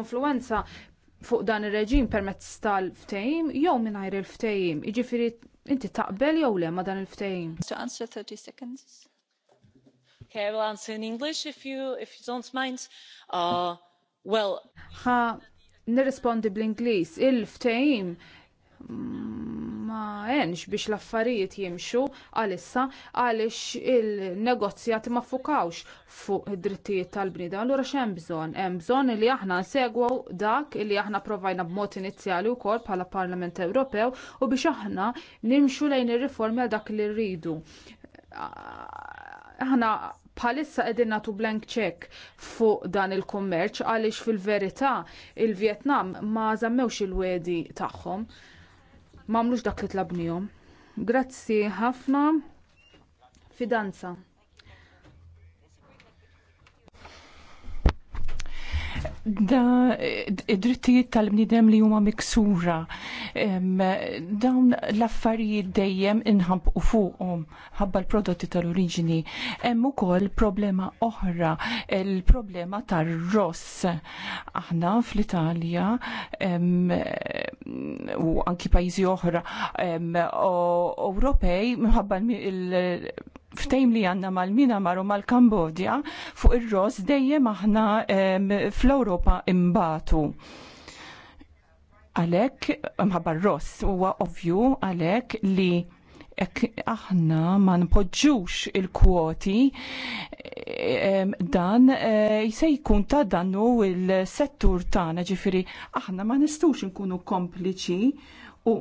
influenza fuq dan ir-reġim permezz tal-ftehim jew mingħajr il-ftehim. Jiġifieri inti taqbel jew le ma dan il-ftehim. To answer 30 seconds. Okay, I will answer in English if you if you don't mind. Uh, well, ha nirrispondi bl-Ingliż. Il-ftehim ma enx biex l-affarijiet jimxu għalissa għaliex il-negozjati ma fukawx fuq id-drittijiet tal-bnida. Allura x'hemm bżonn? Hemm bżonn li aħna nsegwu dak li aħna provajna b'mod inizjali wkoll bħala Parlament Ewropew u biex aħna nimxu lejn ir-riformi għal dak li rridu. Aħna bħalissa qegħdin nagħtu blank check fuq dan il-kummerċ għaliex fil-verità il-Vjetnam ma żammewx il-wedi tagħhom m'għamlux dak li tlabnihom. Grazzi ħafna fidanza. da id-drittijiet tal-bnidem li huma miksura. Dawn l-affarijiet dejjem inħab u fuqhom ħabba l-prodotti tal-oriġini. Hemm ukoll problema oħra, il-problema tar-ross. Aħna fl-Italja u anki pajjiżi oħra Ewropej minħabba il ftejm li għanna mal-Minamar u mal-Kambodja fuq ir-ros dejjem aħna fl-Ewropa imbatu. Għalek, mħabbar r-ros, huwa ovvju għalek li ek aħna ma npoġġux il-kwoti dan e, se jkun ta' dannu il-settur tagħna ġifiri aħna ma nistgħux nkunu kompliċi U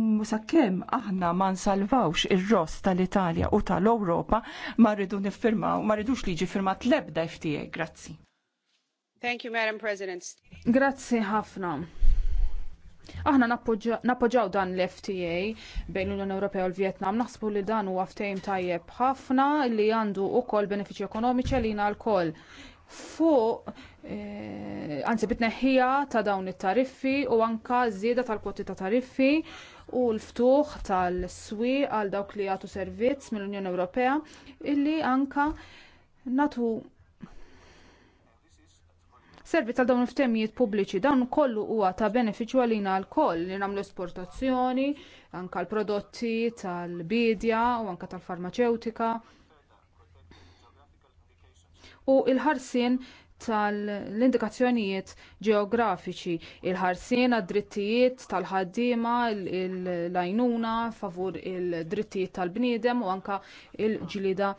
musakkem aħna ma nsalvawx ir-ross tal-Italja u tal-Ewropa ma rridu niffirmaw, ma rridux liġi firmat lebda FTA. Grazzi. Thank you, Madam President. Grazzi ħafna. Aħna nappoġġaw dan l-FTA bejn l-Unjoni Ewropea u l-Vjetnam. Naħsbu li dan huwa ftehim tajjeb ħafna li għandu wkoll benefiċċji ekonomiċi lina l-koll fuq għanzi eh, bitneħħija ta' dawn it-tariffi u anka żieda tal-kwoti ta' tariffi u l-ftuħ tal-swi għal dawk li jagħtu servizz mill-Unjoni Ewropea illi anka natu servizz għal dawn il-ftemijiet pubbliċi dawn kollu huwa ta' benefiċċju għalina għal li nagħmlu esportazzjoni anka l-prodotti tal-bidja u anka tal-farmaceutika u l-ħarsien tal-indikazzjonijiet ġeografiċi, il-ħarsien għad-drittijiet tal-ħaddiema, l-għajnuna favur il-drittijiet tal-bniedem u anka il ġlieda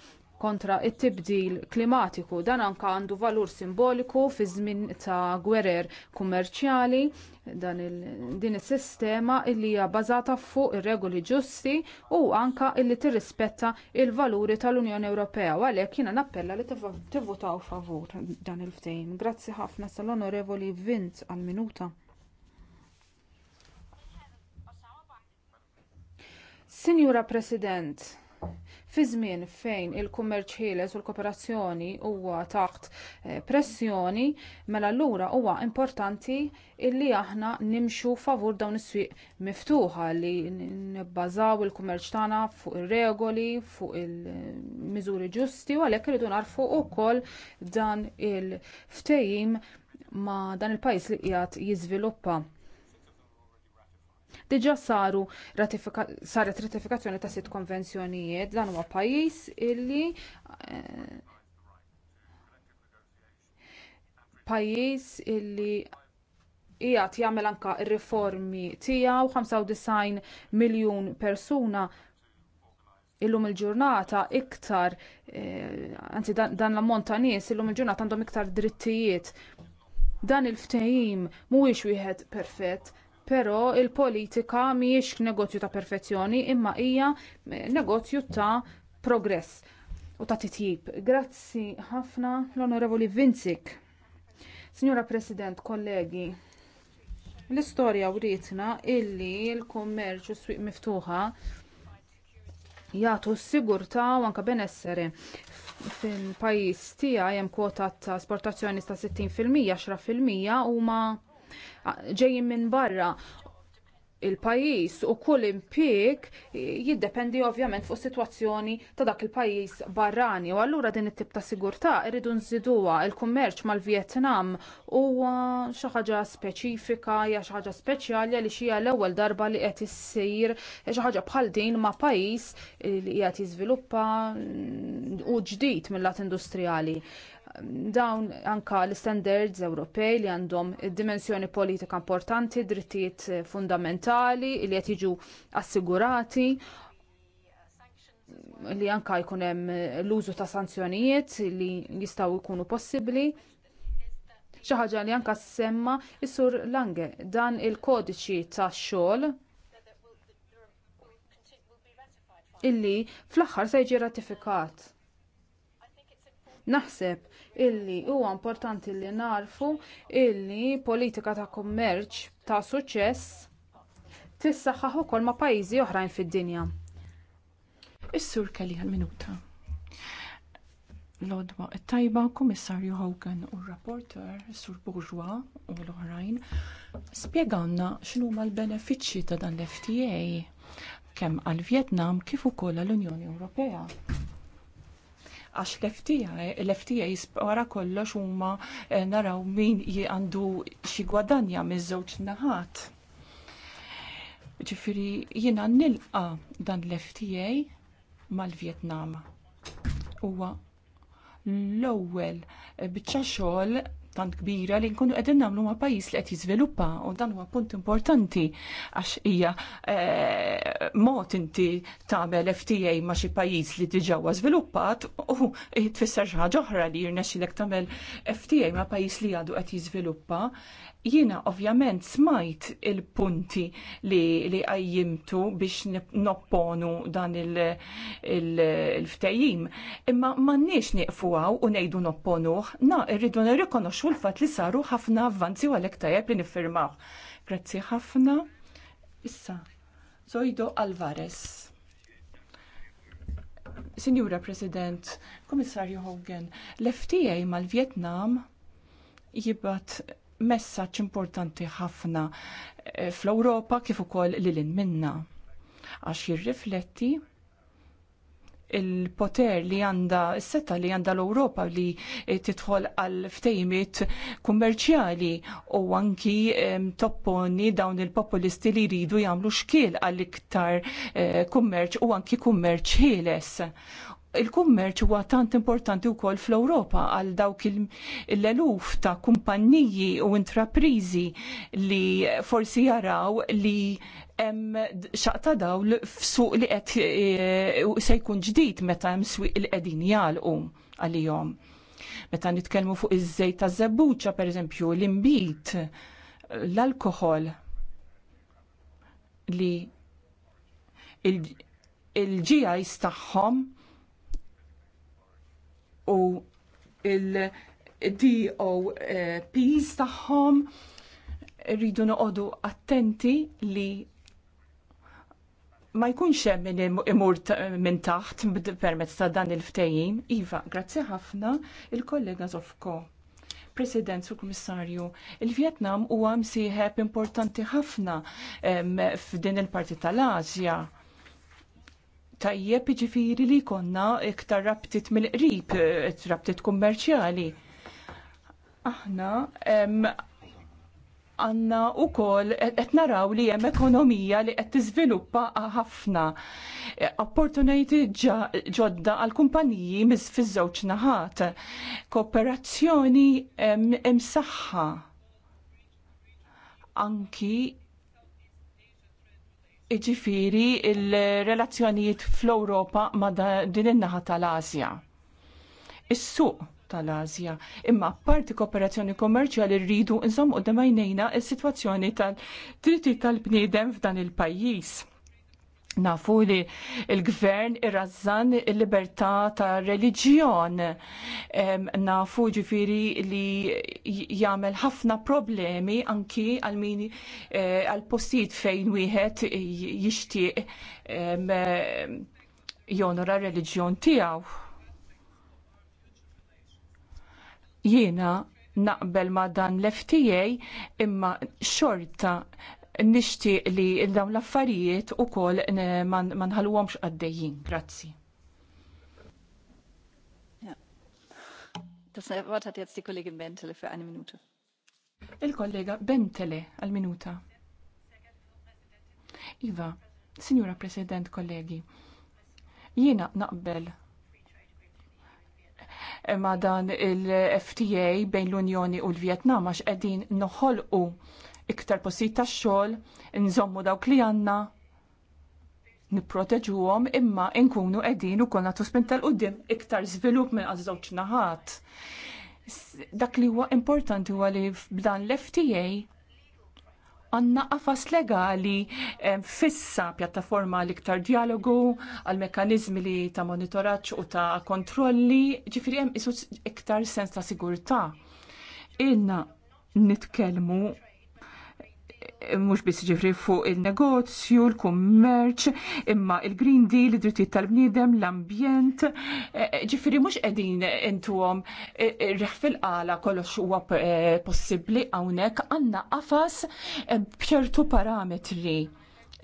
kontra t tibdil klimatiku. Dan anka għandu valur simboliku fi żmien ta' gwerer kummerċjali dan il, din is-sistema illi hija bbażata fuq ir-regoli ġusti u anka illi tirrispetta il-valuri tal-Unjoni Ewropea u għalhekk jiena nappella li tivvutaw favur dan il-ftehim. Grazzi ħafna sal-Onorevoli Vint għal-minuta. Signora President, Fi żmien fejn il-kummerċ ħieles u l-kooperazzjoni huwa taħt pressjoni, mela allura huwa importanti illi aħna nimxu favur dawn is-swieq miftuħa li nibbażaw il-kummerċ tagħna fuq ir-regoli, fuq il-miżuri ġusti u għalhekk irridu narfu wkoll dan il-ftehim ma' dan il-pajjiż li qiegħed jiżviluppa. Diġà saru ratifika, saret ratifikazzjoni ta' sitt konvenzjonijiet dan huwa pajjiż illi eh, pajjiż illi qiegħed jagħmel anke r-riformi tiegħu 95 miljun persuna illum il-ġurnata iktar, eh, anzi dan, dan l-ammont ta' nies illum il-ġurnata għandhom iktar drittijiet. Dan il-ftehim mhuwiex wieħed perfett, però il-politika mhijiex negozju ta' perfezzjoni imma hija eh, negozju ta' progress u ta' titjib. Grazzi ħafna l-Onorevoli Vincik. Signora President, kollegi, l-istorja writna illi l-kummerċ u s-swiq miftuħa jagħtu s sigurta u anke benessere. Fil-pajjiż tija hemm kwota ta' esportazzjoni ta' 60% 10% huma ġejjin minn barra il-pajis u kull impik jiddependi ovvjament fuq situazzjoni ta' dak il-pajis barrani u allura din it-tip ta' sigurtà irridu nżiduha il-kummerċ mal-Vjetnam huwa xi ħaġa speċifika ja xi ħaġa speċjali li xija l-ewwel darba li qed issir xi ħaġa bħal din ma' pajis li qed jiżviluppa u ġdid mill-lat industrijali dawn anka l-standards Ewropej li għandhom dimensjoni politika importanti, drittijiet eh, fundamentali li qed jiġu assigurati li anka jkun hemm eh, l-użu ta' sanzjonijiet li jistgħu jkunu possibbli. Xi ħaġa li anka semma s sur Lange dan il-kodiċi tax-xogħol illi fl-aħħar se jiġi ratifikat Naħseb illi huwa importanti li narfu illi politika ta' kummerċ ta' suċċess tissaħħaħu kol ma' pajjiżi oħrajn fid-dinja. Is-sur kelli għal-minuta. Lodwa it-tajba, komissarju Hogan u r-rapporter, Sur Bourgeois u l-oħrajn, spjegawna x'inhuma l-benefiċċji ta' dan l-FTA kemm għal-Vjetnam kif ukoll għall-Unjoni Ewropea għax l-FTA wara kollox huma eh, naraw min għandu xi gwadanja miż-żewġ naħat. Ġifiri jiena nilqa dan l-FTA mal-Vjetnam. Huwa l-ewwel eh, biċċa xogħol tant kbira li nkunu qegħdin nagħmlu ma' pajjiż li qed jiżviluppa u dan huwa punt importanti għax hija eh, mod inti tagħmel FTA ma' xi pajjiż li diġà huwa żviluppat u tfisser xi ħaġa oħra li jirnexxilek tagħmel FTA ma' pajjiż li għadu qed jiżviluppa Jiena ovvjament smajt il-punti li, li għajjimtu biex nopponu dan il-ftejjim. Imma m'għandniex niqfu għaw u ngħidu nopponuh na, rridu nirrikonoxu u l-fat li saru ħafna avvanzi u għalek tajab li niffirmaw. Grazzi ħafna. Issa, Zoido Alvarez. Signora President, Komissarju Hogan, l-FTA mal-Vietnam jibat messaċ importanti ħafna eh, fl-Europa kif ukoll lil minna għax jirrifletti il-poter li għanda, s-setta li għanda l-Europa li eh, titħol għal ftejmit kummerċjali u anki eh, topponi dawn il-populisti li jridu jagħmlu xkiel għall iktar eh, kummerċ u għanki kummerċ ħieles il-kummerċ huwa tant importanti wkoll fl-Ewropa għal dawk l-eluf ta' kumpanniji u intraprizi li forsi jaraw li hemm xaqta dawl f'suq li qed eh, se jkun ġdid meta hemm swieq li qegħdin jagħlqu għalihom. Meta nitkellmu fuq iż-żejt taż-żebbuċa pereżempju, l-imbit, l-alkohol li il ġijajs tagħhom u il-DOPs tagħhom rridu noqogħdu attenti li ma jkunx hemm min imur minn taħt permezz ta' dan il ftehim Iva, grazzi ħafna il-kollega Zofko. President, Sur Kummissarju, il vjetnam huwa msieħeb importanti ħafna f'din il-parti tal-Asja tajjeb ġifiri li konna iktar rabtit mill-qrib, eh, rabtit kummerċjali. Aħna għanna u qed naraw li hemm ekonomija li qed tiżviluppa ħafna. Opportunity ġodda għal kumpaniji miż fiż-żewġ naħat. Kooperazzjoni msaħħa anki Iġifiri il-relazzjonijiet fl-Europa ma din in-naħa tal-Asja. Is-suq tal-Asja. Imma parti kooperazzjoni kommerċjali rridu nżomm u demajnejna il-situazzjoni tal-dritti tal-bniedem f'dan il-pajjiż Nafu li il-gvern irrazzan il-libertà ta' religjon. Nafu ġifiri li jagħmel ħafna problemi anki għal min eh, għal postijiet fejn wieħed jixtieq jonora religjon tiegħu. Jiena naqbel ma dan l-FTA imma xorta nixtieq li dawn l-affarijiet ukoll ma nħalluhomx għaddejjin. Grazzi. Das Wort hat jetzt Bentele für għani minuta. Il-kollega Bentele għal minuta. Iva, Signora President, kollegi, jiena naqbel ma dan il-FTA bejn l-Unjoni u l vietnam għax qegħdin noħolqu iktar posit ta' xogħol, nżommu dawk li għandna, nipproteġuhom imma nkunu qegħdin u konna spin tal-qudiem iktar żvilupp minn għazzawċ żewġ naħat. Dak li huwa importanti huwa li b'dan l-FTA għanna qafas legali eh, fissa pjattaforma l-iktar dialogu għal mekanizmi li ta' monitoraċ u ta' kontrolli ġifiri hemm isu iktar sens ta' sigurtà. Inna nitkellmu mhux biss ġifri fuq il-negozju, l-kummerċ, imma il-Green Deal, id-drittijiet tal-bniedem, l-ambjent. Eh, eh, ġifri mhux qegħdin intuhom eh, reħ fil-qala kollox huwa possibbli hawnhekk għandna qafas b'ċertu parametri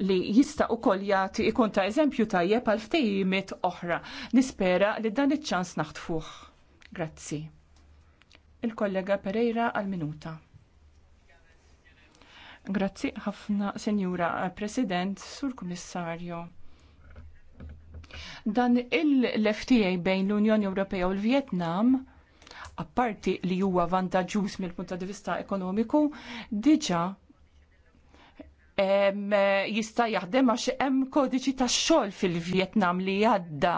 li jista' ukoll jagħti ikun ta' eżempju tajjeb għal ftehimiet oħra. Nispera li dan iċ-ċans naħtfuh. Grazzi. Il-kollega Pereira għal minuta. Grazzi ħafna, Senjura President, Sur Kummissarju. Dan il-FTA bejn l-Unjoni Ewropea u l-Vietnam apparti li huwa vantaġġuż mill-punt ta' vista ekonomiku, diġa jista' jaħdem għax hemm kodiċi tax-xogħol fil-Vjetnam li għadda.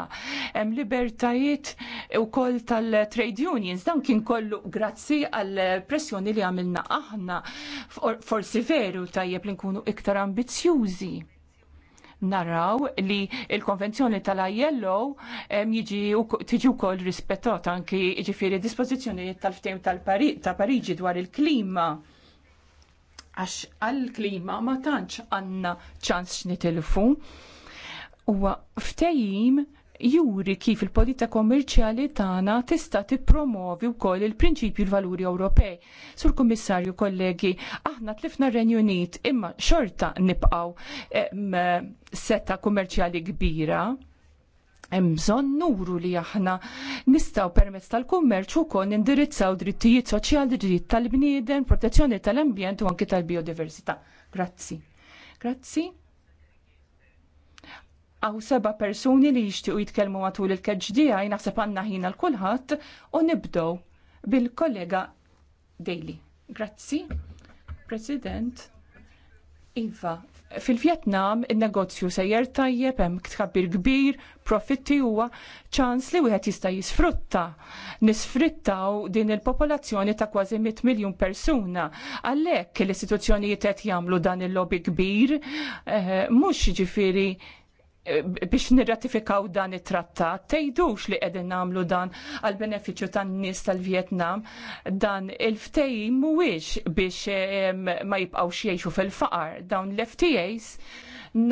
Hemm libertajiet ukoll tal-trade unions dan kien kollu grazzi għall pressjoni li għamilna aħna forsi veru tajjeb li nkunu iktar ambizzjużi naraw li il-konvenzjoni tal-ILO tiġi wkoll koll rispettata anki jiġifieri dispożizzjonijiet tal ftehim tal-Pariġi dwar il-klima għax għall-klima ma tantx għandna ċans x'nitilfu. Huwa ftehim juri kif il-politika kommerċjali tagħna tista' tippromovi wkoll il-prinċipju l-valuri Ewropej. Sur Kummissarju kollegi, aħna tlifna r-Renju Unit imma xorta nibqgħu eh, setta kummerċjali kbira hemm bżonn nuru li aħna nistgħu permezz tal-kummerċ ukoll indirizzaw drittijiet soċjali, dritt tal-bniedem, protezzjoni tal-ambjent u anki tal-biodiversità. Grazzi. Grazzi. Aw seba persuni li jixtiequ jitkellmu matul il għaj naħseb għandna ħin għal kulħadd u nibdew bil-kollega Daily. Grazzi. President. Iva, Fil-Vjetnam il-negozju sejjer tajjeb hemm tkabbir kbir, profitti huwa ċans li wieħed jista' jisfrutta. Nisfrittaw din il-popolazzjoni ta' kważi 100 miljun persuna. Għalhekk l-istituzzjonijiet qed jagħmlu dan il-lobby kbir, eh, mhux ġifieri Eh, biex nirratifikaw dan it-trattat, tejdux li qegħdin nagħmlu dan għal benefiċċju tan-nies tal-Vjetnam, dan il-ftejim mhuwiex biex ma jibqgħux jgħixu fil-faqar. Dawn l-FTAs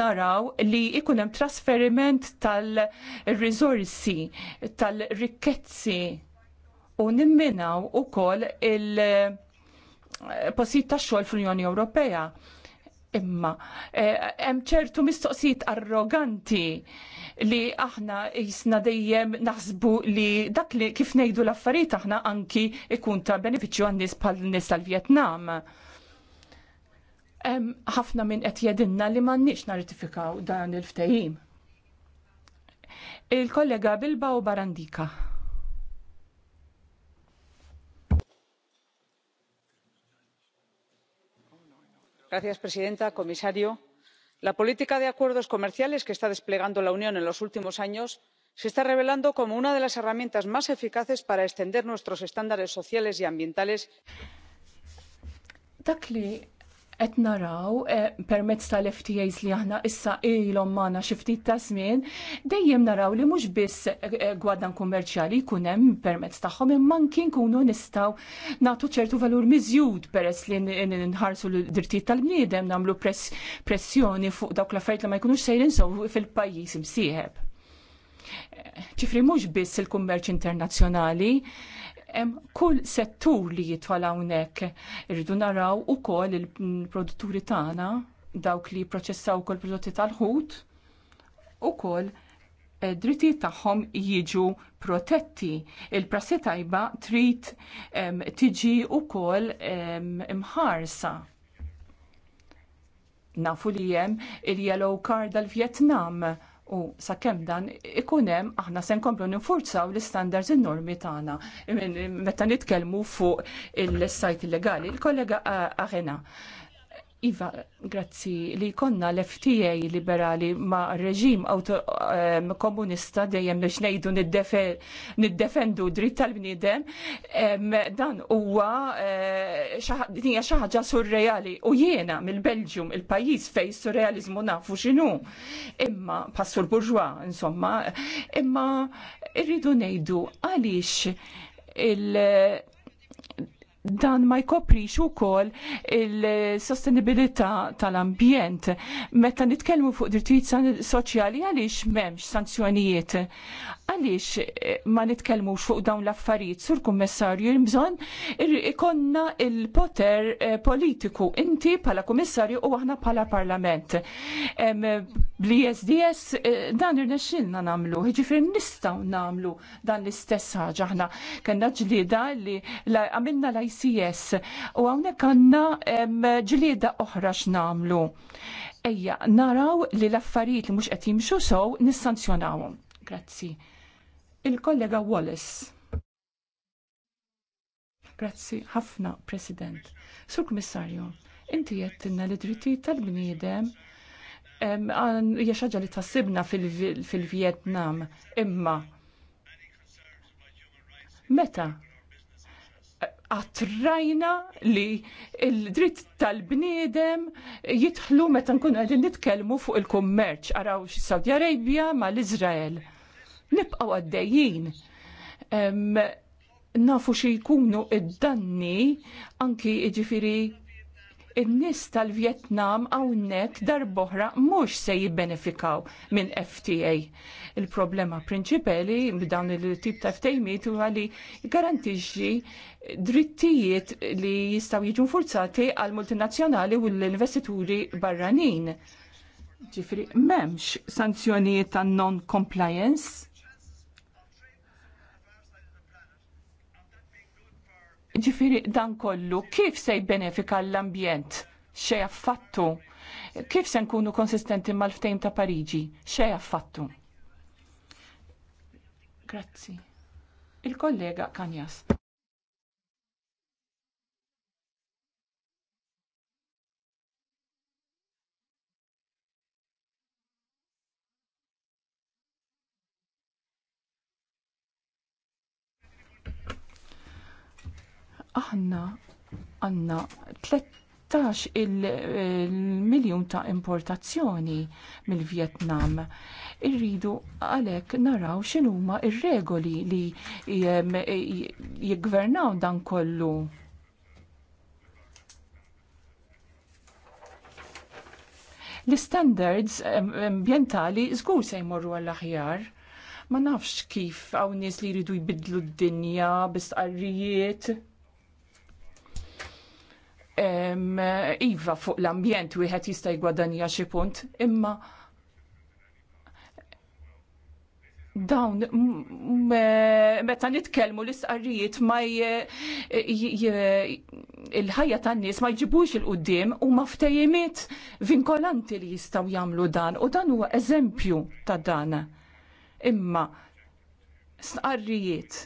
naraw li ikun hemm trasferiment tal-riżorsi, tal-rikkezzi u nimminaw ukoll il-posit eh, tax-xogħol fl-Unjoni Ewropea imma eh, hemm ċertu mistoqsijiet arroganti li aħna jisna dejjem naħsbu li dak li kif ngħidu l-affarijiet aħna anki ikun ta' benefiċċju għan-nies bħal nies tal-Vjetnam. Hemm ħafna minn qed jedinna li m'għandniex narratifikaw dan il-ftehim. Il-kollega Bilbao Barandika. señora presidenta comisario la política de acuerdos comerciales que está desplegando la unión en los últimos años se está revelando como una de las herramientas más eficaces para extender nuestros estándares sociales y ambientales qed naraw eh, permezz tal-FTAs li aħna issa ilhom magħna xi ftit ta' żmien, dejjem naraw li mhux biss eh, eh gwadan kummerċjali jkun hemm permezz tagħhom imma anki nkunu nistgħu nagħtu ċertu valur miżjud peress li nħarsu l-drittijiet tal-bniedem nagħmlu press, pressjoni fuq dawk l-affarijiet li ma jkunux sejrin sew fil-pajjiż imsieħeb. Eh, ċifri mhux biss il-kummerċ internazzjonali, Hemm kull settur li jitfal hawnhekk. Irridu naraw ukoll il-produtturi tagħna dawk li jipproċessaw ukoll prodotti tal-ħut ukoll eh, drittijiet tagħhom jiġu protetti. Il-prassi tajba trid tiġi wkoll imħarsa. Nafu li hemm il-yellow card tal-Vjetnam U sakemm dan ikun hemm aħna se nkomplu ninfurzaw l-istandards in-normi tagħna. Meta nitkellmu fuq il-sajt illegali, il-kollega eh, Aħena Iva, grazzi, li konna l-FTA liberali ma' reġim auto, um, komunista dejjem biex nejdu niddefendu dritt tal-bniedem, um, dan huwa eh, dinja uh, xi ħaġa surreali u jiena mill-Belġium il-pajjiż fej surrealizmu nafu x'inhu. Imma passur burġwa, insomma, imma irridu nejdu għaliex il- dan ma jkoprix ukoll il-sostenibilità tal-ambjent. Meta nitkellmu fuq drittijiet soċjali għaliex m'hemmx sanzjonijiet. Għaliex eh, ma nitkellmux fuq dawn l-affarijiet sur kummissarju bżonn ikonna il-poter eh, politiku inti bħala kummissarju u aħna bħala parlament. Bli sds eh, dan irnexxilna nagħmlu, jiġifieri nistgħu nagħmlu dan l-istess ħaġa Kenna ġlieda li għamilna la ics u hawnhekk għandna ġlieda oħra x'namlu. Ejja, naraw li l-affarijiet li mhux qed jimxu sew nissanzjonawhom. Grazzi. Il-kollega Wallace. Grazzi ħafna, President. Sur Kummissarju, inti jettinna li drittijiet tal-bniedem hija xaġa li tassibna fil-Vjetnam, imma meta attrajna li il-dritt tal-bniedem jitħlu meta nkunu għadin nitkellmu fuq il-kummerċ għaraw x-Saudi Arabia ma l-Izrael. Nibqaw għaddejjin. nafu xie jkunu id-danni anki iġifiri in-nies tal-Vjetnam hawnhekk darboħra mhux se jibbenefikaw minn FTA. Il-problema prinċipali b'dawn il-tip ta' ftejmiet huwa li garantixxi drittijiet li jistgħu jiġu forzati għal multinazzjonali u l-investituri barranin. Ġifri, memx sanzjonijiet ta' non-compliance Ġifiri dan kollu, kif se jbenefika l-ambjent? Xe affattu. Kif se nkunu konsistenti mal-ftejm ta' Pariġi? Xe affattu. Grazzi. Il-kollega Kanjas. aħna għanna 13 il-miljon ta' importazzjoni mill-Vietnam. Irridu għalek naraw x'inhuma ir-regoli li jiggvernaw dan kollu. L-standards ambientali żgur se jmorru għall-aħjar ma nafx kif hawn nies li jridu jbidlu d-dinja bi stqarrijiet iva fuq l-ambjent wieħed jista' jgwadanija xi punt, imma dawn meta nitkellmu l-istqarrijiet ma il-ħajja tan-nies ma jġibux il-qudiem u ma ftejimiet vinkolanti li jistgħu jagħmlu dan u dan huwa eżempju ta' dan. Imma stqarrijiet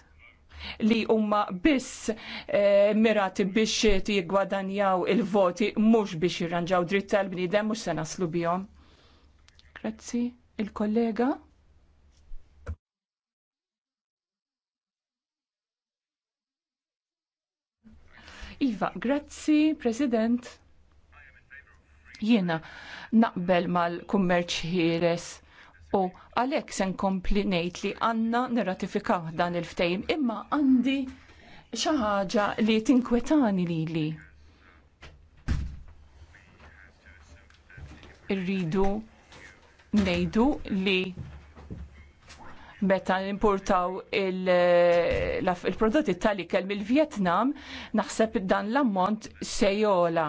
li huma biss eh, mirati biex jiggwadanjaw il-voti mhux biex jirranġaw dritt tal-bniedem mhux se naslu bihom. Grazzi, il-kollega. Iva, grazzi, President. Jiena naqbel mal-kummerċ ħieles U għalhekk se nkompli ngħid li għandna nirratifikaw dan il-ftehim, imma għandi xi ħaġa li tinkwetani lili. Irridu ngħidu li meta importaw il-prodotti il tal-ikel mill-Vietnam, naħseb dan l-ammont sejola.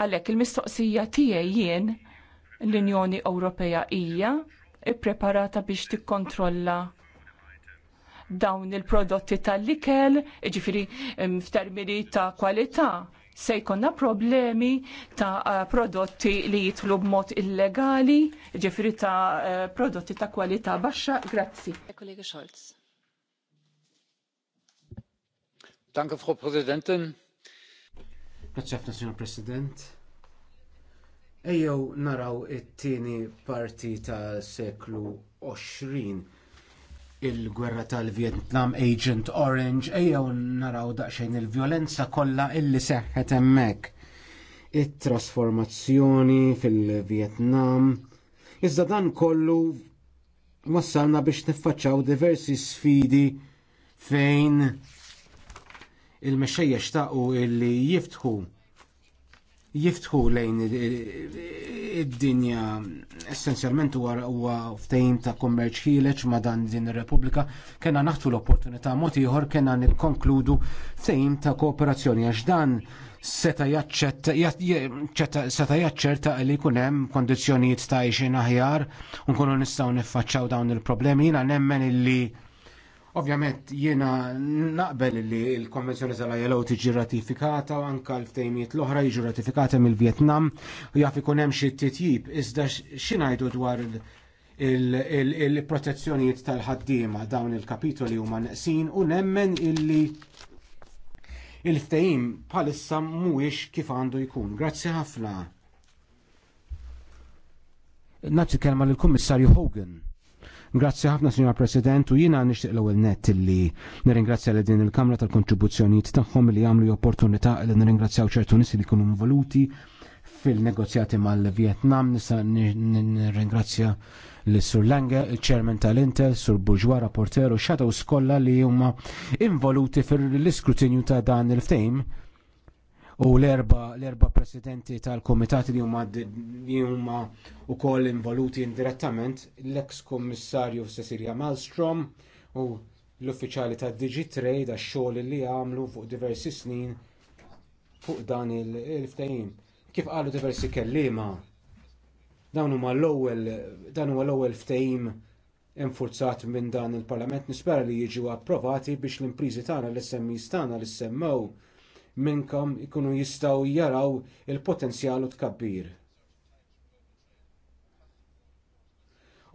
Għalek il-mistoqsija tiegħi jien l-Unjoni Ewropea hija ippreparata biex tikkontrolla dawn il-prodotti tal-likel, ġifiri f'termini ta' kwalità, se jkonna problemi ta' eh, prodotti li jitlu b'mod illegali, ġifiri ta' eh, prodotti ta' kwalità baxxa. Grazzi. E kollega Scholz. Danke, Frau Präsidentin. Grazie, Signor President Ejjew naraw it-tieni parti ta' seklu 20 il-gwerra tal-Vietnam Agent Orange ejjew naraw daqsxejn il-vjolenza kollha illi seħħet hemmhekk. It-trasformazzjoni fil-Vietnam. Iżda dan kollu wassalna biex niffaċċaw diversi sfidi fejn il-mexxejja taqgħu illi jiftħu jiftħu lejn id-dinja essenzjalment huwa ftehim ta' kummerċ ħileġ ma' dan din ir-Repubblika kena naħtu l-opportunità mod ieħor kena nikkonkludu ftehim ta' kooperazzjoni għax dan seta' jaċċerta li jkun hemm kondizzjonijiet ta' għajxin aħjar u nkunu nistgħu niffaċċaw dawn il-problemi jiena nemmen illi Ovvjament jiena naqbel li l-konvenzjoni tal-ILO tiġi ratifikata anka l-ftejmiet l-oħra jiġu ratifikata mill-Vjetnam u jaf ikun hemm xi titjib iżda xinajdu dwar il-protezzjonijiet tal-ħaddiema dawn il-kapitoli huma neqsin u nemmen illi il-ftehim bħalissa mhuwiex kif għandu jkun. Grazzi ħafna. Nagħti kelma lill-Kummissarju Hogan. Grazzi ħafna, Signor President, u jina nixtieq l-ewwel nett li nirringrazzja l din il-Kamra tal-kontribuzzjonijiet tagħhom li jagħmlu opportunità li nirringrazzjaw ċertu nies li jkunu involuti fil-negozjati mal-Vietnam, nisa nirringrazzja l-Sur Lange, il-Chairman tal-Intel, Sur Bourgeois, rapporter u Shadows kollha li huma involuti fil-iskrutinju ta' dan il-ftejm u l-erba l-erba presidenti tal-komitati li huma li huma ukoll involuti indirettament l-eks kommissarju Cecilia Malmstrom u l-uffiċjali tad Digitrade għax-xogħol li għamlu fuq diversi snin fuq dan il-ftehim. Kif qalu diversi kelliema, dawn huma l-ewwel dan huwa l-ewwel ftehim infurzat minn dan il-Parlament nispera li jiġu approvati biex l impriżi tagħna l-SMEs tagħna li semmew minnkom ikunu jistgħu jaraw il-potenzjalu tkabbir.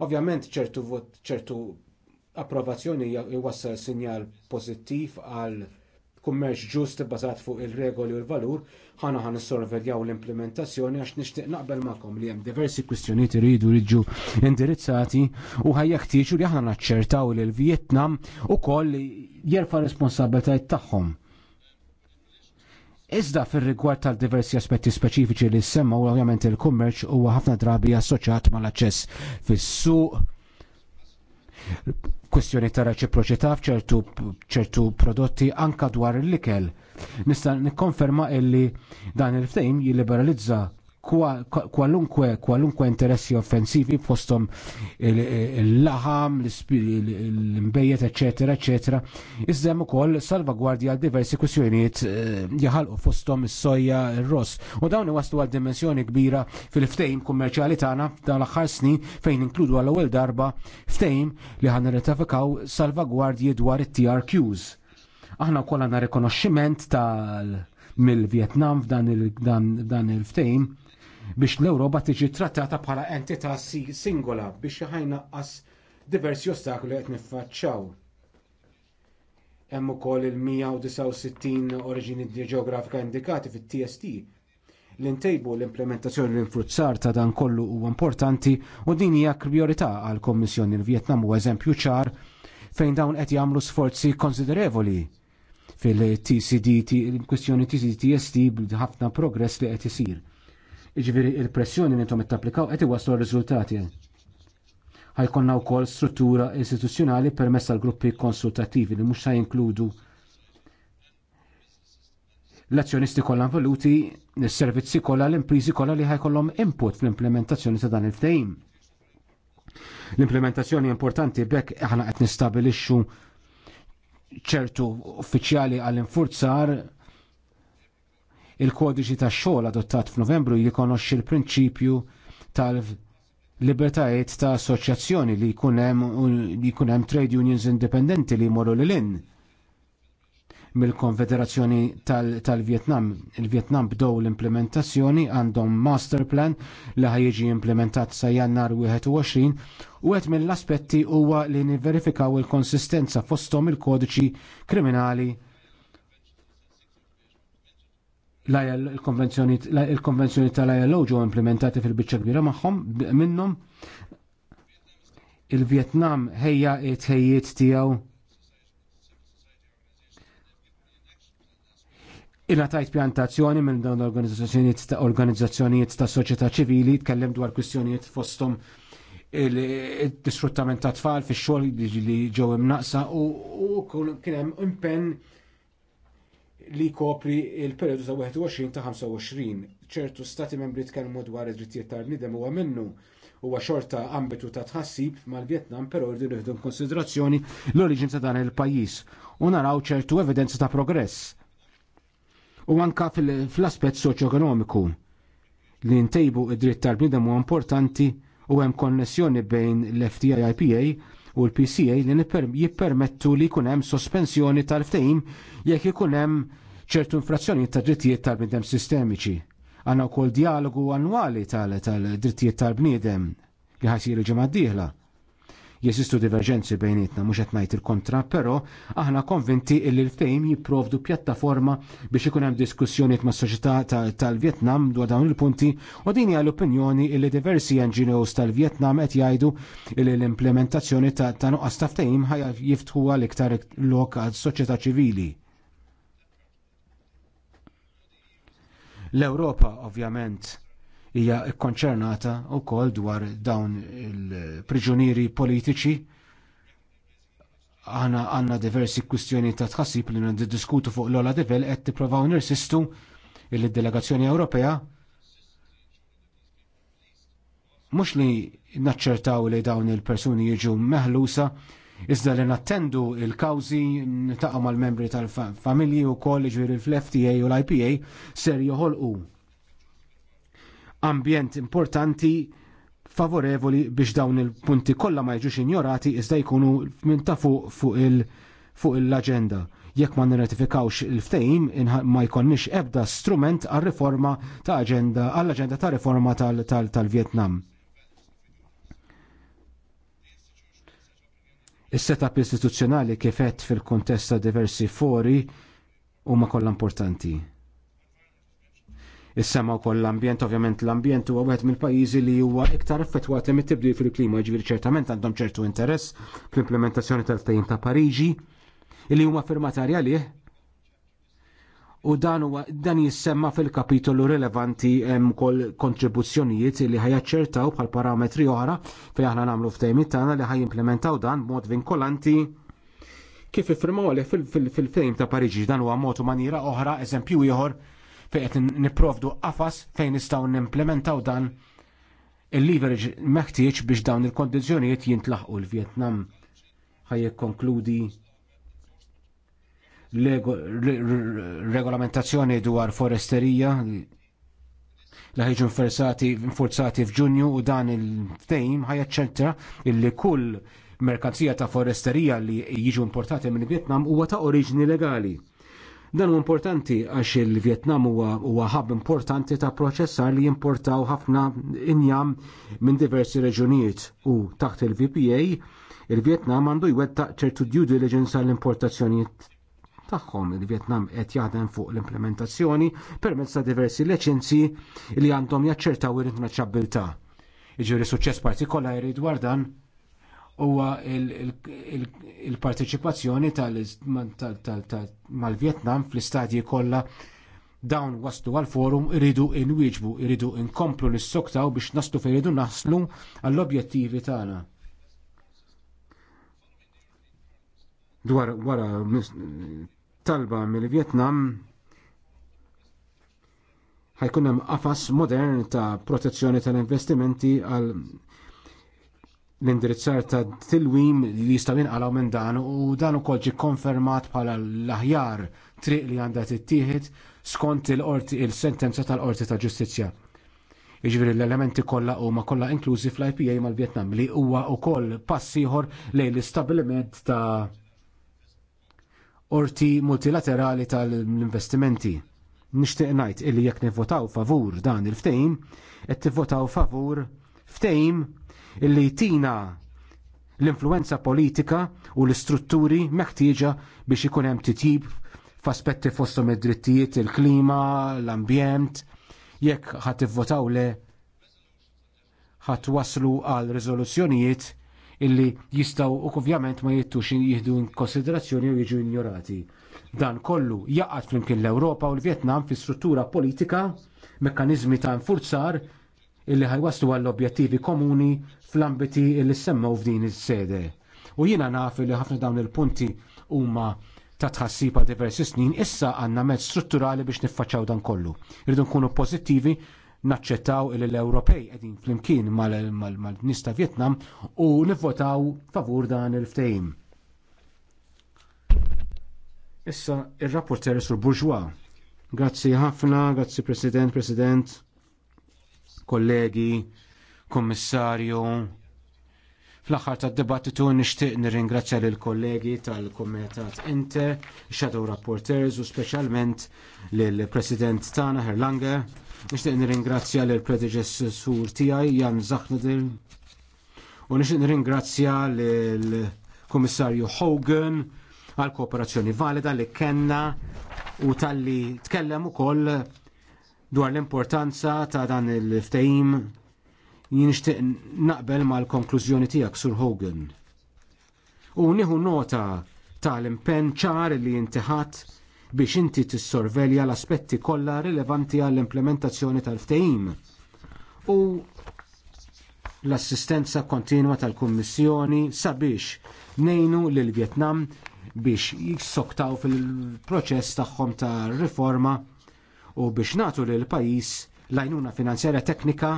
Ovvjament ċertu vot, ċertu approvazzjoni jwassal sinjal pożittiv għal kummerċ ġust bazat fuq il-regoli u l-valur, ħana ħan sorveljaw l-implementazzjoni għax nixtieq naqbel makom li hemm diversi kwistjonijiet iridu jiġu indirizzati u ħajjak tiġu li ħana naċċertaw li l-Vjetnam ukoll jerfa' responsabilitajt tagħhom Iżda fil-rigward tal-diversi aspetti speċifiċi li semma u ovvjament il-kummerċ huwa ħafna drabi assoċjat mal-aċċess fis-suq kwestjoni ta' reċiproċità f'ċertu ċertu prodotti anka dwar l-ikel. Nista' nikkonferma illi dan il ftejn jilliberalizza kwalunkwe kwalunkwe interessi offensivi postom l-laħam, l-imbejjet, eccetera, eccetera. u ukoll salvagwardja għal diversi kwistjonijiet eh, jaħalqu postom is-soja r-ross. U dawn iwaslu għal dimensjoni kbira fil-ftejm kummerċjali tagħna dawn l-aħħar snin fejn inkludu għal ewwel darba ftejm li ħan retafikaw salvagwardji dwar it-TRQs. Aħna wkoll għandna rikonoxximent tal mill-Vietnam f'dan il-ftejm biex l europa tiġi trattata bħala entità singola biex ħajnaqqas diversi ostakli qed niffaċċaw. Hemm ukoll il-169 oriġini ġeografika indikati fit-TST l-intejbu l-implementazzjoni l-infruzzar ta' dan kollu huwa importanti u din hija priorità għall kommissjoni l-Vjetnam u eżempju ċar fejn dawn qed jagħmlu sforzi konsiderevoli fil-TCD, kwestjoni tcd TST ħafna progress li qed isir Iġviri il-pressjoni li intom it-tapplikaw qed iwaslu r-riżultati. Ħajkonna wkoll struttura istituzzjonali permezz tal-gruppi konsultattivi li mhux jinkludu l-azzjonisti kollha involuti, is-servizzi kollha, l-imprizi kollha li ħajkollhom input fl-implementazzjoni ta' dan il-ftehim. L-implementazzjoni importanti bekk aħna qed nistabilixxu ċertu uffiċjali għall-infurzar Il-kodiċi ta' xogħol adottat f'Novembru jikonoxxi l-prinċipju tal-libertajiet ta' assoċjazzjoni li jkun hemm trade unions indipendenti li jmorru lil in mill-Konfederazzjoni tal-Vietnam. -tal Il-Vietnam bdow l-implementazzjoni għandhom master plan li ħajġi implementat sa jannar 21 u għet mill-aspetti huwa li niverifikaw il-konsistenza fostom il-kodiċi kriminali il-konvenzjoni tal-ILO ġew implementati fil bicċa kbira magħhom minnhom il-Vjetnam ħejja it-ħejjiet tiegħu Ina tajt pjantazzjoni minn dawn l organizzazzjoniet ta' organizzazzjonijiet ta' soċjetà ċivili tkellem dwar kwistjonijiet fosthom il-disfruttament ta' tfal fix xogħol li ġew imnaqsa u kien hemm impenn li kopri il-periodu ta' 21 ta' 25. ċertu stati membri tkellmu dwar id-drittijiet tal-nidem huwa minnu huwa xorta ambitu ta' tħassib mal-Vjetnam però rridu nieħdu konsiderazzjoni l-oriġin ta' dan il-pajjiż u naraw ċertu evidenza ta' progress. U anka fl-aspett ekonomiku li ntejbu id-dritt tal-bniedem huwa importanti u hemm konnessjoni bejn l-FTIPA u l-PCA li jippermettu li jkun hemm sospensjoni tal-ftehim jekk ikun hemm ċertu infrazzjoni ta' drittijiet tal bnidem sistemiċi. Għanna wkoll dialogu annwali tal-drittijiet tal-bniedem li ħasir il-ġemma d-dieħla. Jesistu diverġenzi bejnietna mhux qed ngħid il-kontra, però aħna konvinti li l-ftehim jipprovdu pjattaforma biex ikun hemm diskussjonijiet mas soċjetà tal-Vjetnam dwar dawn il-punti u din hija l-opinjoni li diversi NGOs tal-Vjetnam qed jgħidu li l-implementazzjoni ta' nuqqas ta' ftehim ħajja jiftħuha l-iktar lok għal soċjetà ċivili L-Ewropa ovvjament hija kkonċernata wkoll dwar dawn il-priġunieri politiċi għana għanna diversi kwistjoni ta' tħassib li niddiskutu diskutu fuq l-ola devel għed tiprofaw nirsistu il delegazzjoni Ewropea mux li naċċertaw li dawn il-persuni jiġu meħlusa Iżda li nattendu il-kawzi ta' mal-membri tal-familji jiġifieri u koll ġviri fl-FTA u l-IPA ser joħolqu ambjent importanti favorevoli biex dawn il-punti kollha ma jiġux injorati iżda jkunu minn ta' fuq fuq l-agenda. Jekk ma nirratifikawx il-ftehim ma jkonniex ebda strument għal riforma ta' agenda għall aġenda ta' riforma tal-Vjetnam. Is-setup istituzzjonali kifet fil-kontest ta' diversi fori huma kollha importanti. Is-sema koll l-ambjent, ovvjament l-ambjent huwa wieħed mill-pajjiżi li huwa iktar effettwat li mit fil-klima, ġifieri ċertament għandhom ċertu interess fl-implementazzjoni tal-tejn ta' Pariġi, li huma firmatarja liħ u dan, dan jissemma fil-kapitolu rilevanti hemm kol kontribuzzjonijiet li ħajaċċertaw bħal parametri oħra fejn aħna nagħmlu ftehimiet tagħna li ħajimplementaw dan b'mod vinkolanti kif iffirmaw għalih fil-fejm ta' Pariġi dan huwa mod u maniera oħra eżempju ieħor fejn qed nipprovdu qafas fejn nistgħu nimplementaw dan il-leverage meħtieġ biex dawn il-kondizzjonijiet jintlaħqu l-Vjetnam ħajjekkonkludi konkludi regolamentazzjoni dwar foresterija li ħiġu nforzati f'Ġunju u dan il ħajja ċentra illi kull merkanzija ta' foresterija li jiġu importati minn Vietnam huwa ta' oriġini legali. Dan u importanti għax il-Vietnam huwa ħab importanti ta' proċessar li jimportaw ħafna injam minn diversi reġunijiet u taħt il-VPA il-Vietnam għandu jwettaq ċertu due diligence għall importazzjonijiet tagħhom. Il-Vjetnam qed jaħdem fuq l-implementazzjoni permezz ta' diversi leċenzji li għandhom jaċċertaw ir-intraċċabilità. Iġieri suċċess partikolari dwar dan huwa il-parteċipazzjoni mal-Vjetnam fl-istadji kollha dawn waslu għal forum iridu inwieġbu, iridu inkomplu nissoktaw biex nastu fejridu naslu għall-objettivi tagħna. Dwar wara talba mill-Vjetnam ħajkun hemm qafas modern ta' protezzjoni tal-investimenti għal l-indirizzar ta' tilwim li jistgħu jinqalgħu minn dan u dan ukoll ġie konfermat bħala l-aħjar triq li għandha tittieħed skont il-qorti il-sentenza tal-qorti ta' ġustizzja. Jiġifieri l-elementi kollha huma kollha inklużi fl-IPA mal-Vjetnam li huwa wkoll pass ieħor lejn l-istabbiliment ta' orti multilaterali tal-investimenti. Nixtieq ngħid illi jekk nivvotaw favur dan il-ftejm, qed tivvotaw favur ftejm illi tina l-influenza politika u l-istrutturi meħtieġa biex ikun hemm titjib f'aspetti fosthom id-drittijiet, il-klima, l-ambjent, jekk ħat ivvotaw le ħat waslu għal riżoluzzjonijiet illi jistaw u ovvjament ma jittux jihdu konsiderazzjoni u jiġu ignorati. Dan kollu jaqat flimkien l-Ewropa u l-Vjetnam fi struttura politika, mekkanizmi ta' nfurzar illi ħajwaslu għall-objettivi komuni fl-ambiti illi semmaw f'din is-sede. U jiena naf li ħafna dawn il-punti huma ta' tħassib għal diversi snin, issa għandna mezz strutturali biex niffaċċaw dan kollu. Irridu nkunu pożittivi naċċettaw li l-Ewropej qegħdin flimkien mal-nies ta' Vjetnam u nivvotaw favur dan il-ftehim. Issa ir-rapporter sur Bourgeois. Grazzi ħafna, grazzi President, President, kollegi, Kommissarju. Fl-aħħar tad-dibattitu nixtieq nirringrazzja l kollegi tal-Kumitat Inter, Shadow Rapporters u speċjalment lill President Tana Herlange Nixtieq nirringrazzja lill predeċessur tiegħi Jan Zahnadil u nixtieq nirringrazzja lill kummissarju Hogan għal kooperazzjoni valida li kellna u talli tkellem ukoll dwar l-importanza ta' dan il-ftehim jinxtieq naqbel mal-konklużjoni tiegħek sur Hogan. U nieħu nota tal-impenn ċar li jintiħat biex inti tissorvelja l-aspetti kollha rilevanti għall-implementazzjoni tal-ftehim. U l-assistenza kontinwa tal-Kummissjoni sabiex nejnu l vjetnam biex jissoktaw fil-proċess tagħhom ta' riforma u biex natu lil pajjiż l-għajnuna finanzjarja teknika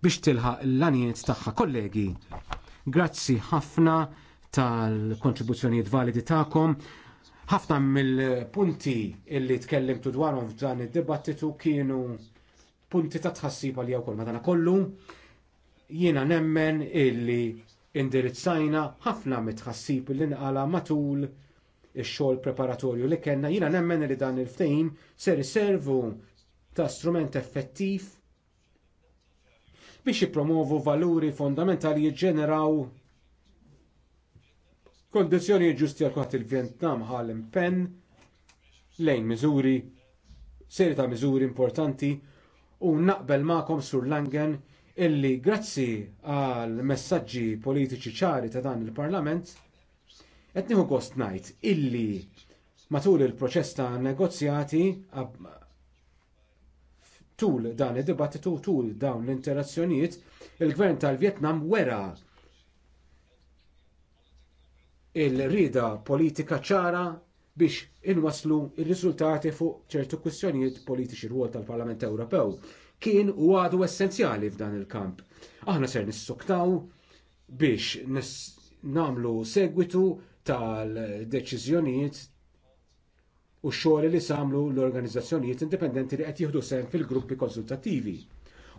biex tilħaq l-lanijiet tagħha kollegi. Grazzi ħafna tal-kontribuzzjonijiet validi tagħkom ħafna mill-punti illi tkellimtu dwarhom f'dan id-dibattitu kienu punti ta' tħassib għal wkoll madana kollu jiena nemmen illi indirizzajna ħafna mitħassib li nqala matul ix-xogħol preparatorju li kellna jiena nemmen li dan il ftejn ser iservu ta' strument effettiv biex jippromovu valuri fondamentali jiġġeneraw Kondizjoni ġusti għal kwaħt il-Vjetnam ħal impenn lejn miżuri, serita ta' miżuri importanti u naqbel ma'kom sur Langen illi grazzi għal messaġġi politiċi ċari ta' dan il-Parlament qed nieħu gost ngħid illi matul il-proċess ta' negozjati tul dan id-dibattitu tul dawn l-interazzjonijiet il-gvern tal-Vjetnam wera il-rida politika ċara biex inwaslu il-riżultati fuq ċertu kwistjonijiet politiċi rwol tal-Parlament Ewropew kien u għadu essenzjali f'dan il-kamp. Aħna ser nissuktaw biex namlu segwitu tal-deċiżjonijiet u xogħol li samlu l-organizzazzjonijiet indipendenti li qed jieħdu sehem fil-gruppi konsultattivi.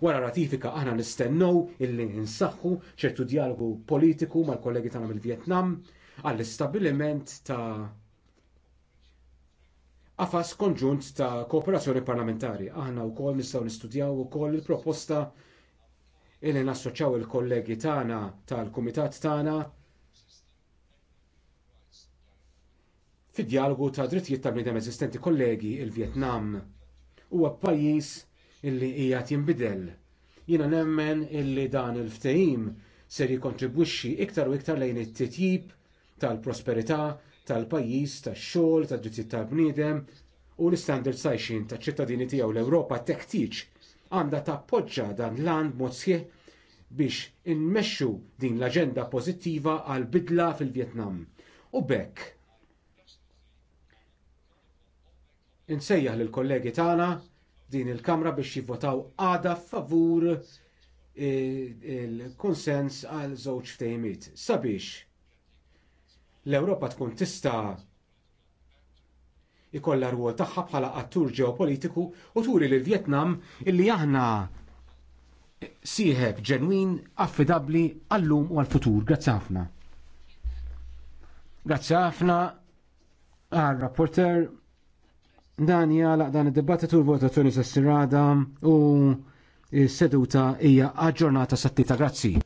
Wara ratifika aħna nistennew illi nsaħħu ċertu dialogu politiku mal-kollegi tagħna mill-Vjetnam għall-istabiliment ta' qafas konġunt ta' kooperazzjoni parlamentari. Aħna wkoll nistgħu nistudjaw ukoll il-proposta illi nassoċjaw il-kollegi tagħna tal-kumitat tagħna fid-dialogu ta' drittijiet tal-bniedem eżistenti kollegi il-Vjetnam huwa pajjiż illi hija jinbidel. Jiena nemmen illi dan il-ftehim ser jikontribwixxi iktar u iktar lejn it-titjib tal-prosperità, tal-pajjiż, tax-xogħol, tad-drittijiet tal-bniedem u l-istandard sajxin taċ ċittadini tiegħu l-Ewropa teħtieġ għandha tappoġġa dan l-għand mod sħiħ biex inmexxu din l-aġenda pożittiva għal bidla fil-Vjetnam. U bekk insejjaħ lill kollegi tagħna din il-Kamra biex jivvotaw għada favur eh, il-konsens għal żewġ ftehimiet sabiex l-Ewropa tkun tista' ikolla rwol tagħha bħala attur ġeopolitiku u turi lill Vjetnam illi aħna sieħeb ġenwin affidabbli għallum u għall-futur. Grazzi ħafna. Grazzi ħafna għal-rapporter dan jgħalaq dan id-dibattitu l-votazzjoni s-sirada u s-seduta hija aġġornata sattita. Grazzi.